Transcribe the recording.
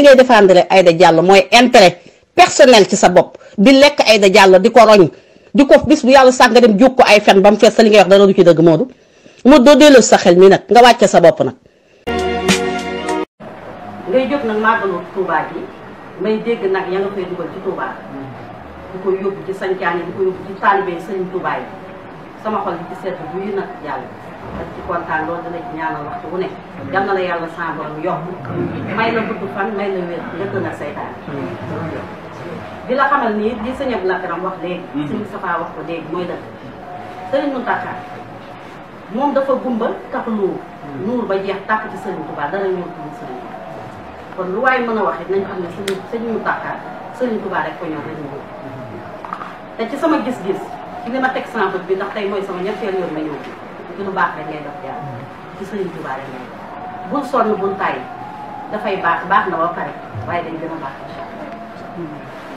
li ngay défendre Aïda Diallo mooy intérêt personnel ci sa bopp bi lekk Aïda Diallo di ko roñ di ko bis bu yàlla sax nga dem jóg ko ay fen ba mu fees sa li ngay wax dara du ci dëgg Modou Modou doo delloo sa nag nga wàcce sa bopp nag. ngay jóg nag màggalu Touba gi may dégg nag ya nga koy dugal ci Touba di ko yóbbu ci sancaan yi di ko yóbbu ci taalibe Sëriñ Touba sama xol ci seetlu bu yi nag yàlla. dañ ci kontaan loolu dina ci ñaanal waxtu wu ne yal na la yàlla sa borom yokk may la gudd fan may la wér lépp na saytaan di la xamal nii li sëñ Abdou Lakram wax léegi sëñ Safa wax ko léegi mooy dëkk sëriñ Mountakha moom dafa gumba tax nuur nuur ba jeex tàkk ci sëriñ Touba dara ñëw ko sëriñ kon lu a wax it rek ko ñëw rek ñëw te ci sama gis-gis ci li ma teg sama bi ndax tey mooy sama ñetteelu yoon ma ñëw ci lu baax rek ngay dox jàll ci Sëriñ Tuubaa rek ngay dox bul sonn bul tàyyi dafay baax baax na ba pare waaye dañ gën a baax incha allah